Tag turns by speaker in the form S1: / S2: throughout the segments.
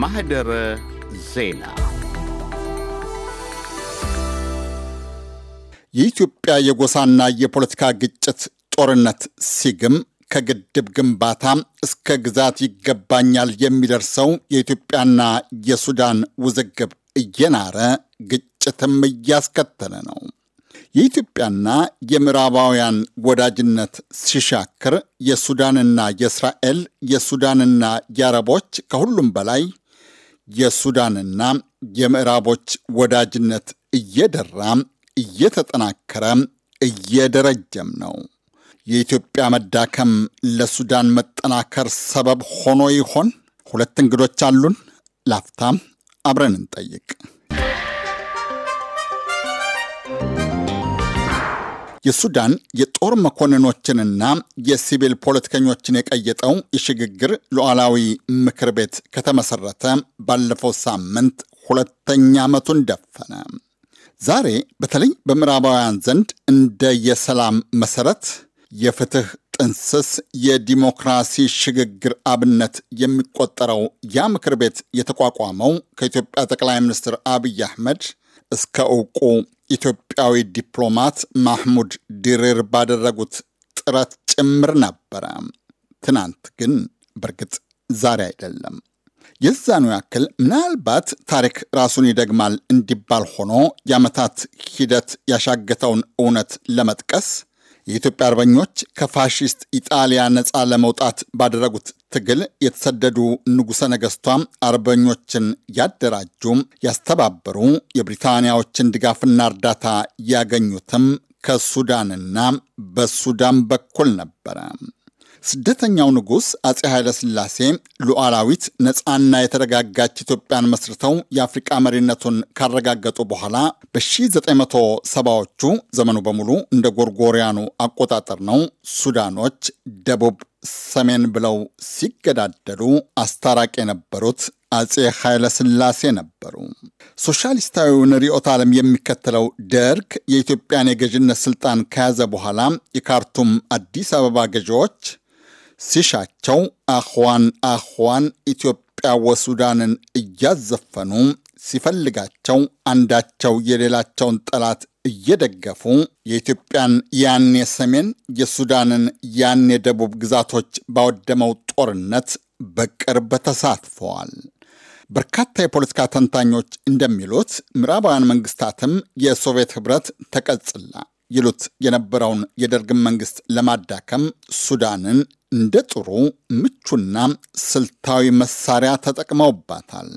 S1: ማህደረ ዜና የኢትዮጵያ የጎሳና የፖለቲካ ግጭት ጦርነት ሲግም ከግድብ ግንባታ እስከ ግዛት ይገባኛል የሚደርሰው የኢትዮጵያና የሱዳን ውዝግብ እየናረ ግጭትም እያስከተለ ነው። የኢትዮጵያና የምዕራባውያን ወዳጅነት ሲሻክር የሱዳንና የእስራኤል የሱዳንና የአረቦች ከሁሉም በላይ የሱዳንና የምዕራቦች ወዳጅነት እየደራ እየተጠናከረ እየደረጀም ነው። የኢትዮጵያ መዳከም ለሱዳን መጠናከር ሰበብ ሆኖ ይሆን? ሁለት እንግዶች አሉን። ላፍታም አብረን እንጠይቅ። የሱዳን የጦር መኮንኖችንና የሲቪል ፖለቲከኞችን የቀየጠው የሽግግር ሉዓላዊ ምክር ቤት ከተመሰረተ ባለፈው ሳምንት ሁለተኛ ዓመቱን ደፈነ። ዛሬ በተለይ በምዕራባውያን ዘንድ እንደ የሰላም መሰረት፣ የፍትህ ጥንስስ፣ የዲሞክራሲ ሽግግር አብነት የሚቆጠረው ያ ምክር ቤት የተቋቋመው ከኢትዮጵያ ጠቅላይ ሚኒስትር አብይ አህመድ እስከ እውቁ ኢትዮጵያዊ ዲፕሎማት ማህሙድ ዲሪር ባደረጉት ጥረት ጭምር ነበረ። ትናንት ግን በእርግጥ ዛሬ አይደለም። የዛኑ ያክል ምናልባት ታሪክ ራሱን ይደግማል እንዲባል ሆኖ የዓመታት ሂደት ያሻገተውን እውነት ለመጥቀስ የኢትዮጵያ አርበኞች ከፋሺስት ኢጣሊያ ነፃ ለመውጣት ባደረጉት ትግል የተሰደዱ ንጉሠ ነገሥቷ አርበኞችን ያደራጁ፣ ያስተባበሩ፣ የብሪታንያዎችን ድጋፍና እርዳታ ያገኙትም ከሱዳንና በሱዳን በኩል ነበረ። ስደተኛው ንጉሥ አጼ ኃይለሥላሴ ሉዓላዊት ነፃና የተረጋጋች ኢትዮጵያን መስርተው የአፍሪቃ መሪነቱን ካረጋገጡ በኋላ በ1970ዎቹ ዘመኑ በሙሉ እንደ ጎርጎሪያኑ አቆጣጠር ነው። ሱዳኖች ደቡብ፣ ሰሜን ብለው ሲገዳደሉ አስታራቂ የነበሩት አጼ ኃይለ ሥላሴ ነበሩ። ሶሻሊስታዊውን ርዕዮተ ዓለም የሚከተለው ደርግ የኢትዮጵያን የገዥነት ስልጣን ከያዘ በኋላ የካርቱም አዲስ አበባ ገዢዎች ሲሻቸው አህዋን አህዋን ኢትዮጵያ ወሱዳንን እያዘፈኑ ሲፈልጋቸው አንዳቸው የሌላቸውን ጠላት እየደገፉ የኢትዮጵያን ያን የሰሜን የሱዳንን ያን የደቡብ ግዛቶች ባወደመው ጦርነት በቅርብ ተሳትፈዋል። በርካታ የፖለቲካ ተንታኞች እንደሚሉት ምዕራባውያን መንግስታትም የሶቪየት ህብረት ተቀጽላ ይሉት የነበረውን የደርግን መንግስት ለማዳከም ሱዳንን እንደ ጥሩ ምቹና ስልታዊ መሳሪያ ተጠቅመውባታል።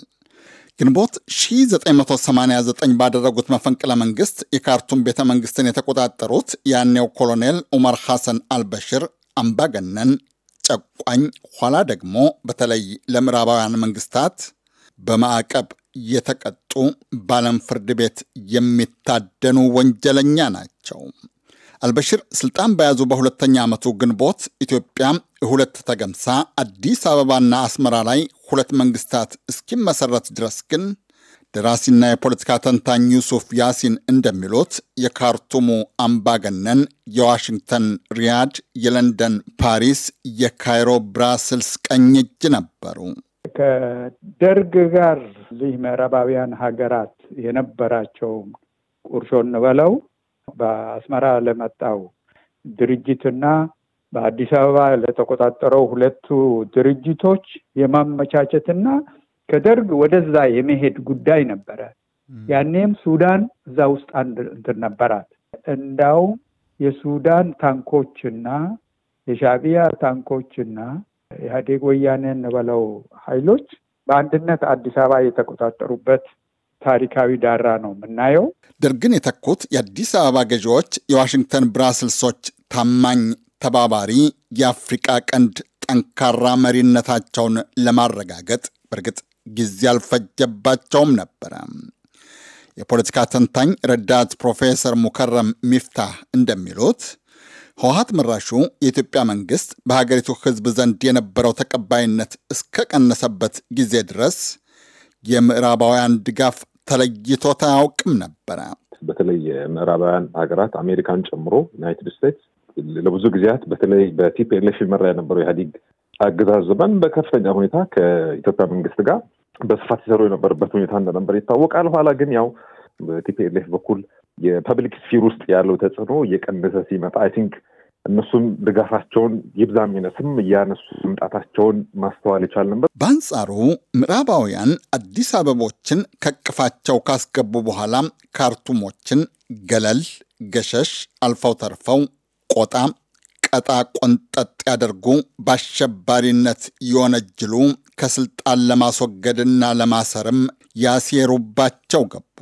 S1: ግንቦት 1989 ባደረጉት መፈንቅለ መንግስት የካርቱም ቤተ መንግስትን የተቆጣጠሩት ያኔው ኮሎኔል ዑመር ሐሰን አልበሽር አምባገነን፣ ጨቋኝ፣ ኋላ ደግሞ በተለይ ለምዕራባውያን መንግስታት በማዕቀብ የተቀጡ ባለም ፍርድ ቤት የሚታደኑ ወንጀለኛ ናቸው። አልበሽር ስልጣን በያዙ በሁለተኛ ዓመቱ ግንቦት ኢትዮጵያ ሁለት ተገምሳ አዲስ አበባና አስመራ ላይ ሁለት መንግስታት እስኪመሰረት ድረስ ግን ደራሲና የፖለቲካ ተንታኝ ዩሱፍ ያሲን እንደሚሉት የካርቱሙ አምባገነን የዋሽንግተን ሪያድ፣ የለንደን ፓሪስ፣ የካይሮ ብራስልስ ቀኝ እጅ ነበሩ።
S2: ከደርግ ጋር እዚህ ምዕራባውያን ሀገራት የነበራቸው ቁርሾ እንበለው በአስመራ ለመጣው ድርጅትና በአዲስ አበባ ለተቆጣጠረው ሁለቱ ድርጅቶች የማመቻቸትና ከደርግ ወደዛ የመሄድ ጉዳይ ነበረ። ያኔም ሱዳን እዛ ውስጥ አንድ እንትን ነበራት። እንዳውም የሱዳን ታንኮችና የሻቢያ ታንኮችና ኢህአዴግ ወያኔ እንበለው ኃይሎች በአንድነት አዲስ አበባ የተቆጣጠሩበት
S1: ታሪካዊ ዳራ ነው የምናየው። ደርግን የተኩት የአዲስ አበባ ገዢዎች የዋሽንግተን ብራስልሶች ታማኝ ተባባሪ የአፍሪቃ ቀንድ ጠንካራ መሪነታቸውን ለማረጋገጥ በእርግጥ ጊዜ አልፈጀባቸውም ነበረ። የፖለቲካ ተንታኝ ረዳት ፕሮፌሰር ሙከረም ሚፍታህ እንደሚሉት ህወሀት መራሹ የኢትዮጵያ መንግስት በሀገሪቱ ህዝብ ዘንድ የነበረው ተቀባይነት እስከቀነሰበት ጊዜ ድረስ የምዕራባውያን ድጋፍ ተለይቶ አያውቅም ነበረ። በተለይ
S3: የምዕራባውያን ሀገራት አሜሪካን ጨምሮ ዩናይትድ ስቴትስ ለብዙ ጊዜያት በተለይ በቲፒኤልኤፍ ይመራ የነበረው ኢህአዲግ አገዛዝ ዘመን በከፍተኛ ሁኔታ ከኢትዮጵያ መንግስት ጋር በስፋት ሲሰሩ የነበረበት ሁኔታ እንደነበር ይታወቃል። ኋላ ግን ያው በቲፒኤልኤፍ በኩል የፐብሊክ ስፊር ውስጥ ያለው ተጽዕኖ እየቀነሰ ሲመጣ አይ ቲንክ እነሱም ድጋፋቸውን ይብዛም ይነስም እያነሱ መምጣታቸውን
S1: ማስተዋል ይቻልንበት። በአንጻሩ ምዕራባውያን አዲስ አበቦችን ከቅፋቸው ካስገቡ በኋላ ካርቱሞችን ገለል ገሸሽ አልፈው ተርፈው ቆጣ ቀጣ ቆንጠጥ ያደርጉ፣ በአሸባሪነት ይወነጅሉ፣ ከስልጣን ለማስወገድና ለማሰርም ያሴሩባቸው ገቡ።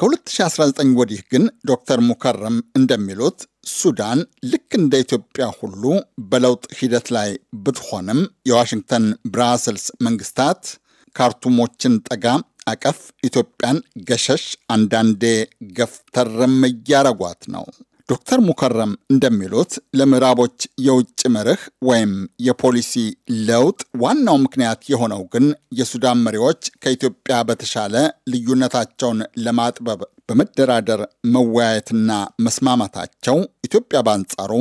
S1: ከ2019 ወዲህ ግን ዶክተር ሙከረም እንደሚሉት ሱዳን ልክ እንደ ኢትዮጵያ ሁሉ በለውጥ ሂደት ላይ ብትሆንም የዋሽንግተን ብራስልስ መንግስታት ካርቱሞችን ጠጋ አቀፍ ኢትዮጵያን ገሸሽ አንዳንዴ ገፍተርም እያረጓት ነው። ዶክተር ሙከረም እንደሚሉት ለምዕራቦች የውጭ መርህ ወይም የፖሊሲ ለውጥ ዋናው ምክንያት የሆነው ግን የሱዳን መሪዎች ከኢትዮጵያ በተሻለ ልዩነታቸውን ለማጥበብ በመደራደር መወያየትና መስማማታቸው ኢትዮጵያ በአንጻሩ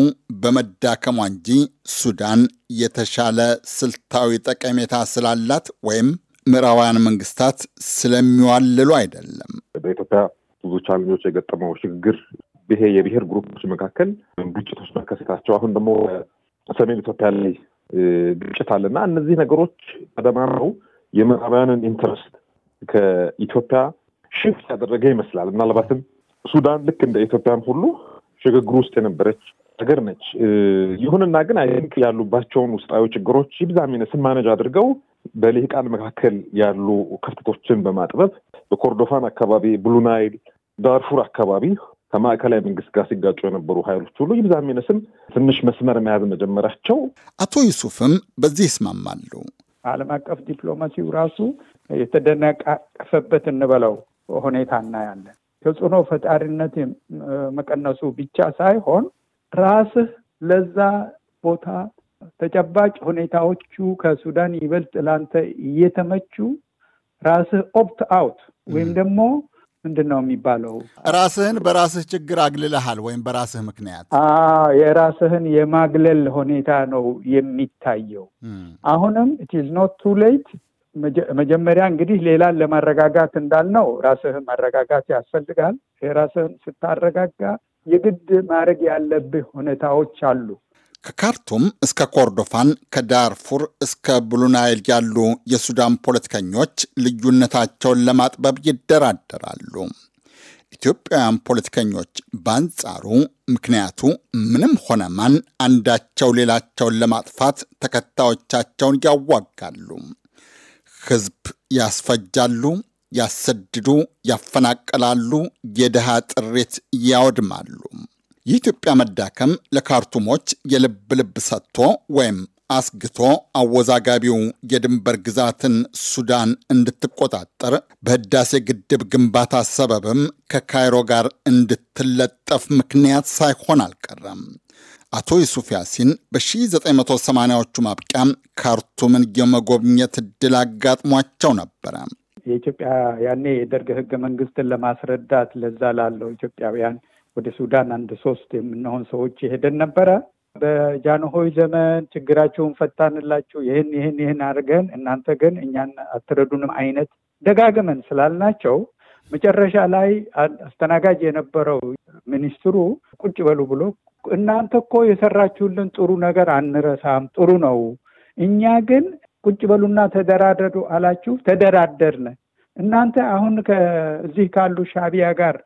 S1: በመዳከሟ እንጂ ሱዳን የተሻለ ስልታዊ ጠቀሜታ ስላላት ወይም ምዕራባውያን መንግስታት ስለሚዋልሉ አይደለም። በኢትዮጵያ ብዙ ቻሌንጆች የገጠመው ችግር ይሄ የብሔር
S3: ግሩፖች መካከል ግጭቶች መከሰታቸው አሁን ደግሞ ሰሜን ኢትዮጵያ ላይ ግጭት አለ እና እነዚህ ነገሮች ተደማምረው የምዕራባውያንን ኢንትረስት ከኢትዮጵያ ሽፍት ያደረገ ይመስላል። ምናልባትም ሱዳን ልክ እንደ ኢትዮጵያም ሁሉ ሽግግር ውስጥ የነበረች ሀገር ነች። ይሁንና ግን አይንክ ያሉባቸውን ውስጣዊ ችግሮች ይብዛሚነ ስማነጅ አድርገው በልሂቃን መካከል ያሉ ክፍተቶችን በማጥበብ በኮርዶፋን አካባቢ፣ ብሉናይል፣ ዳርፉር አካባቢ ከማዕከላዊ መንግስት ጋር ሲጋጩ የነበሩ ኃይሎች ሁሉ ይብዛም ይነስም ትንሽ መስመር መያዝ መጀመራቸው አቶ ዩሱፍም በዚህ ይስማማሉ።
S2: ዓለም አቀፍ ዲፕሎማሲው ራሱ የተደነቃቀፈበት እንበለው ሁኔታ እናያለን። ተጽዕኖ ፈጣሪነት መቀነሱ ብቻ ሳይሆን ራስህ ለዛ ቦታ ተጨባጭ ሁኔታዎቹ ከሱዳን ይበልጥ ላንተ እየተመቹ ራስህ ኦፕት አውት ወይም ደግሞ ምንድን ነው
S1: የሚባለው? ራስህን በራስህ ችግር አግልልሃል ወይም በራስህ ምክንያት
S2: የራስህን የማግለል ሁኔታ ነው የሚታየው። አሁንም ኢትዝ ኖት ቱ ሌት። መጀመሪያ እንግዲህ ሌላን ለማረጋጋት እንዳልነው ራስህን ማረጋጋት ያስፈልጋል። የራስህን ስታረጋጋ የግድ ማድረግ ያለብህ ሁኔታዎች አሉ።
S1: ከካርቱም እስከ ኮርዶፋን ከዳርፉር እስከ ብሉናይል ያሉ የሱዳን ፖለቲከኞች ልዩነታቸውን ለማጥበብ ይደራደራሉ። ኢትዮጵያውያን ፖለቲከኞች በአንጻሩ ምክንያቱ ምንም ሆነ ማን አንዳቸው ሌላቸውን ለማጥፋት ተከታዮቻቸውን ያዋጋሉ። ህዝብ ያስፈጃሉ፣ ያሰድዱ፣ ያፈናቅላሉ፣ የድሃ ጥሪት ያወድማሉ። የኢትዮጵያ መዳከም ለካርቱሞች የልብ ልብ ሰጥቶ ወይም አስግቶ አወዛጋቢው የድንበር ግዛትን ሱዳን እንድትቆጣጠር በህዳሴ ግድብ ግንባታ ሰበብም ከካይሮ ጋር እንድትለጠፍ ምክንያት ሳይሆን አልቀረም። አቶ ዩሱፍ ያሲን በ1980ዎቹ ማብቂያ ካርቱምን የመጎብኘት እድል አጋጥሟቸው ነበረ።
S2: የኢትዮጵያ ያኔ የደርግ ህገ መንግስትን ለማስረዳት ለዛ ላለው ኢትዮጵያውያን ወደ ሱዳን አንድ ሶስት የምንሆን ሰዎች የሄደን ነበረ። በጃንሆይ ዘመን ችግራቸውን ፈታንላችሁ፣ ይህን ይህን ይህን አድርገን እናንተ ግን እኛን አትረዱንም አይነት ደጋግመን ስላልናቸው መጨረሻ ላይ አስተናጋጅ የነበረው ሚኒስትሩ ቁጭ በሉ ብሎ እናንተ እኮ የሰራችሁልን ጥሩ ነገር አንረሳም፣ ጥሩ ነው። እኛ ግን ቁጭ በሉና ተደራደሩ አላችሁ። ተደራደርን። እናንተ አሁን ከዚህ ካሉ ሻቢያ ጋር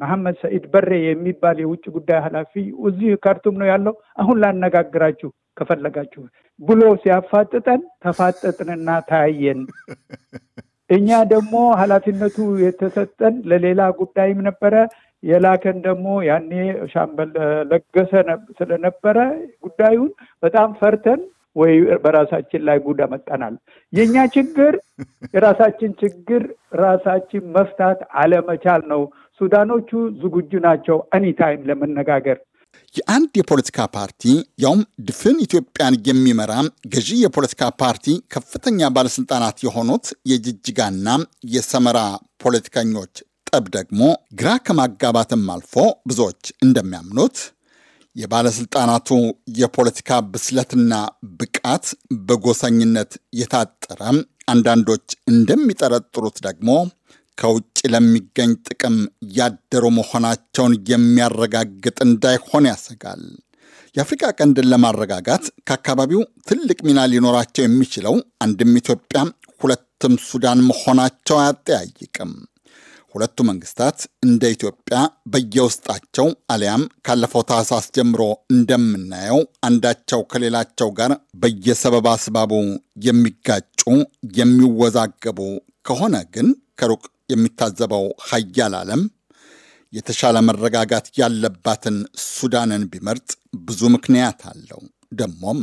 S2: መሐመድ ሰኢድ በሬ የሚባል የውጭ ጉዳይ ኃላፊ እዚህ ካርቱም ነው ያለው። አሁን ላነጋግራችሁ ከፈለጋችሁ ብሎ ሲያፋጥጠን ተፋጠጥንና ታያየን። እኛ ደግሞ ኃላፊነቱ የተሰጠን ለሌላ ጉዳይም ነበረ። የላከን ደግሞ ያኔ ሻምበል ለገሰ ስለነበረ ጉዳዩን በጣም ፈርተን ወይ በራሳችን ላይ ጉድ አመጣናል። የእኛ ችግር የራሳችን ችግር ራሳችን መፍታት አለመቻል ነው። ሱዳኖቹ ዝግጁ ናቸው አኒታይም ለመነጋገር።
S1: የአንድ የፖለቲካ ፓርቲ ያውም ድፍን ኢትዮጵያን የሚመራ ገዢ የፖለቲካ ፓርቲ ከፍተኛ ባለስልጣናት የሆኑት የጅጅጋና የሰመራ ፖለቲከኞች ጠብ ደግሞ ግራ ከማጋባትም አልፎ ብዙዎች እንደሚያምኑት የባለስልጣናቱ የፖለቲካ ብስለትና ብቃት በጎሰኝነት የታጠረ፣ አንዳንዶች እንደሚጠረጥሩት ደግሞ ከውጭ ለሚገኝ ጥቅም ያደሩ መሆናቸውን የሚያረጋግጥ እንዳይሆን ያሰጋል። የአፍሪካ ቀንድን ለማረጋጋት ከአካባቢው ትልቅ ሚና ሊኖራቸው የሚችለው አንድም ኢትዮጵያ ሁለትም ሱዳን መሆናቸው አያጠያይቅም። ሁለቱ መንግስታት እንደ ኢትዮጵያ በየውስጣቸው አሊያም ካለፈው ታህሳስ ጀምሮ እንደምናየው አንዳቸው ከሌላቸው ጋር በየሰበብ አስባቡ የሚጋጩ የሚወዛገቡ ከሆነ ግን ከሩቅ የሚታዘበው ሀያል ዓለም የተሻለ መረጋጋት ያለባትን ሱዳንን ቢመርጥ ብዙ ምክንያት አለው። ደግሞም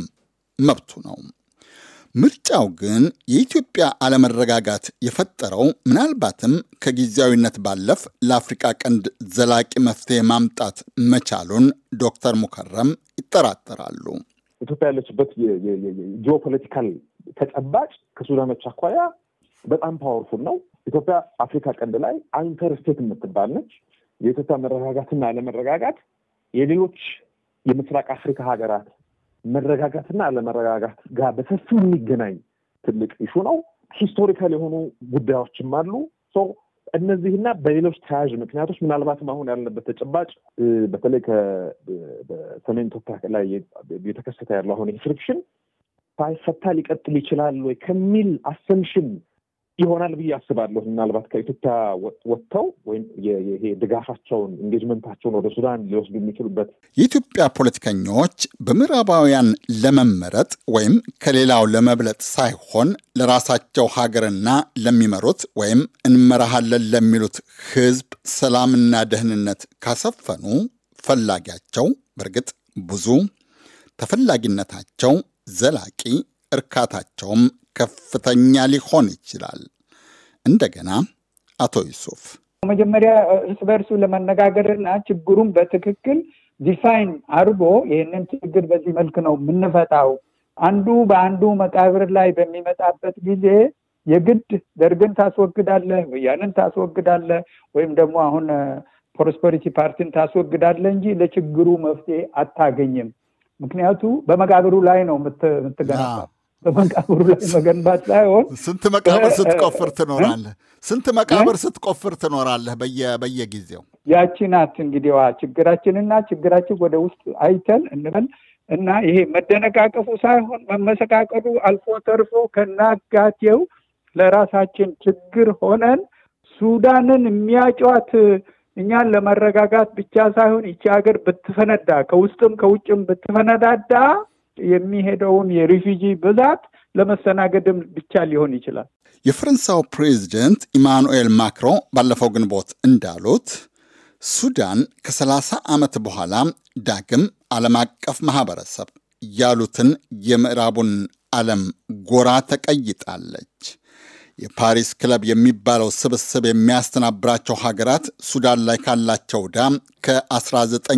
S1: መብቱ ነው። ምርጫው ግን የኢትዮጵያ አለመረጋጋት የፈጠረው ምናልባትም ከጊዜያዊነት ባለፍ ለአፍሪቃ ቀንድ ዘላቂ መፍትሄ ማምጣት መቻሉን ዶክተር ሙከረም ይጠራጠራሉ። ኢትዮጵያ ያለችበት
S3: ጂኦፖለቲካል ተጨባጭ ከሱዳኖች አኳያ በጣም ፓወርፉል ነው። ኢትዮጵያ አፍሪካ ቀንድ ላይ አንከር ስቴት የምትባል ነች። የኢትዮጵያ መረጋጋትና አለመረጋጋት የሌሎች የምስራቅ አፍሪካ ሀገራት መረጋጋትና አለመረጋጋት ጋር በሰፊው የሚገናኝ ትልቅ ኢሹ ነው። ሂስቶሪካል የሆኑ ጉዳዮችም አሉ። እነዚህና በሌሎች ተያያዥ ምክንያቶች ምናልባትም አሁን ያለበት ተጨባጭ በተለይ በሰሜን ኢትዮጵያ ላይ እየተከሰተ ያለው አሁን ፍሪክሽን ሳይፈታ ሊቀጥል ይችላል ወይ ከሚል አሰምሽን ይሆናል ብዬ አስባለሁ። ምናልባት ከኢትዮጵያ ወጥተው ወይም ይሄ ድጋፋቸውን ኢንጌጅመንታቸውን ወደ ሱዳን ሊወስዱ የሚችሉበት
S1: የኢትዮጵያ ፖለቲከኞች በምዕራባውያን ለመመረጥ ወይም ከሌላው ለመብለጥ ሳይሆን ለራሳቸው ሀገርና ለሚመሩት ወይም እንመራሃለን ለሚሉት ህዝብ ሰላምና ደህንነት ካሰፈኑ ፈላጊያቸው በእርግጥ ብዙ ተፈላጊነታቸው ዘላቂ እርካታቸውም ከፍተኛ ሊሆን ይችላል። እንደገና አቶ ዩሱፍ
S2: መጀመሪያ እርስ በእርሱ ለመነጋገርና ችግሩን በትክክል ዲፋይን አርጎ ይህንን ችግር በዚህ መልክ ነው የምንፈታው አንዱ በአንዱ መቃብር ላይ በሚመጣበት ጊዜ የግድ ደርግን ታስወግዳለህ፣ ወያንን ታስወግዳለህ፣ ወይም ደግሞ አሁን ፕሮስፐሪቲ ፓርቲን ታስወግዳለህ እንጂ ለችግሩ መፍትሄ አታገኝም። ምክንያቱ በመቃብሩ ላይ ነው የምትገነባው። በመቃብሩ ላይ መገንባት ሳይሆን ስንት መቃብር ስትቆፍር ትኖራለህ
S1: ስንት መቃብር ስትቆፍር ትኖራለህ በየጊዜው ያቺ
S2: ናት እንግዲህ ችግራችንና ችግራችን ወደ ውስጥ አይተን እንበል እና ይሄ መደነቃቀፉ ሳይሆን መመሰቃቀሉ አልፎ ተርፎ ከናጋቴው ለራሳችን ችግር ሆነን ሱዳንን የሚያጫዋት እኛን ለመረጋጋት ብቻ ሳይሆን ይቺ ሀገር ብትፈነዳ ከውስጥም ከውጭም ብትፈነዳዳ የሚሄደውን የሪፊጂ ብዛት ለመስተናገድም ብቻ ሊሆን ይችላል።
S1: የፈረንሳው ፕሬዚደንት ኢማኑኤል ማክሮን ባለፈው ግንቦት እንዳሉት ሱዳን ከ30 ዓመት በኋላ ዳግም ዓለም አቀፍ ማህበረሰብ ያሉትን የምዕራቡን ዓለም ጎራ ተቀይጣለች። የፓሪስ ክለብ የሚባለው ስብስብ የሚያስተናብራቸው ሀገራት ሱዳን ላይ ካላቸው ዕዳ ከ19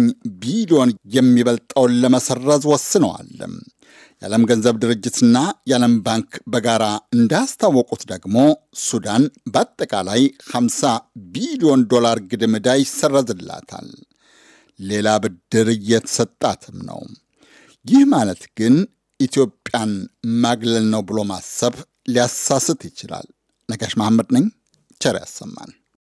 S1: ቢሊዮን የሚበልጠውን ለመሰረዝ ወስነዋል። የዓለም ገንዘብ ድርጅትና የዓለም ባንክ በጋራ እንዳስታወቁት ደግሞ ሱዳን በአጠቃላይ 50 ቢሊዮን ዶላር ግድም ዕዳ ይሰረዝላታል። ሌላ ብድር እየተሰጣትም ነው። ይህ ማለት ግን ኢትዮጵያን ማግለል ነው ብሎ ማሰብ ሊያሳስት ይችላል። ነጋሽ መሐመድ ነኝ። ቸር
S2: ያሰማን።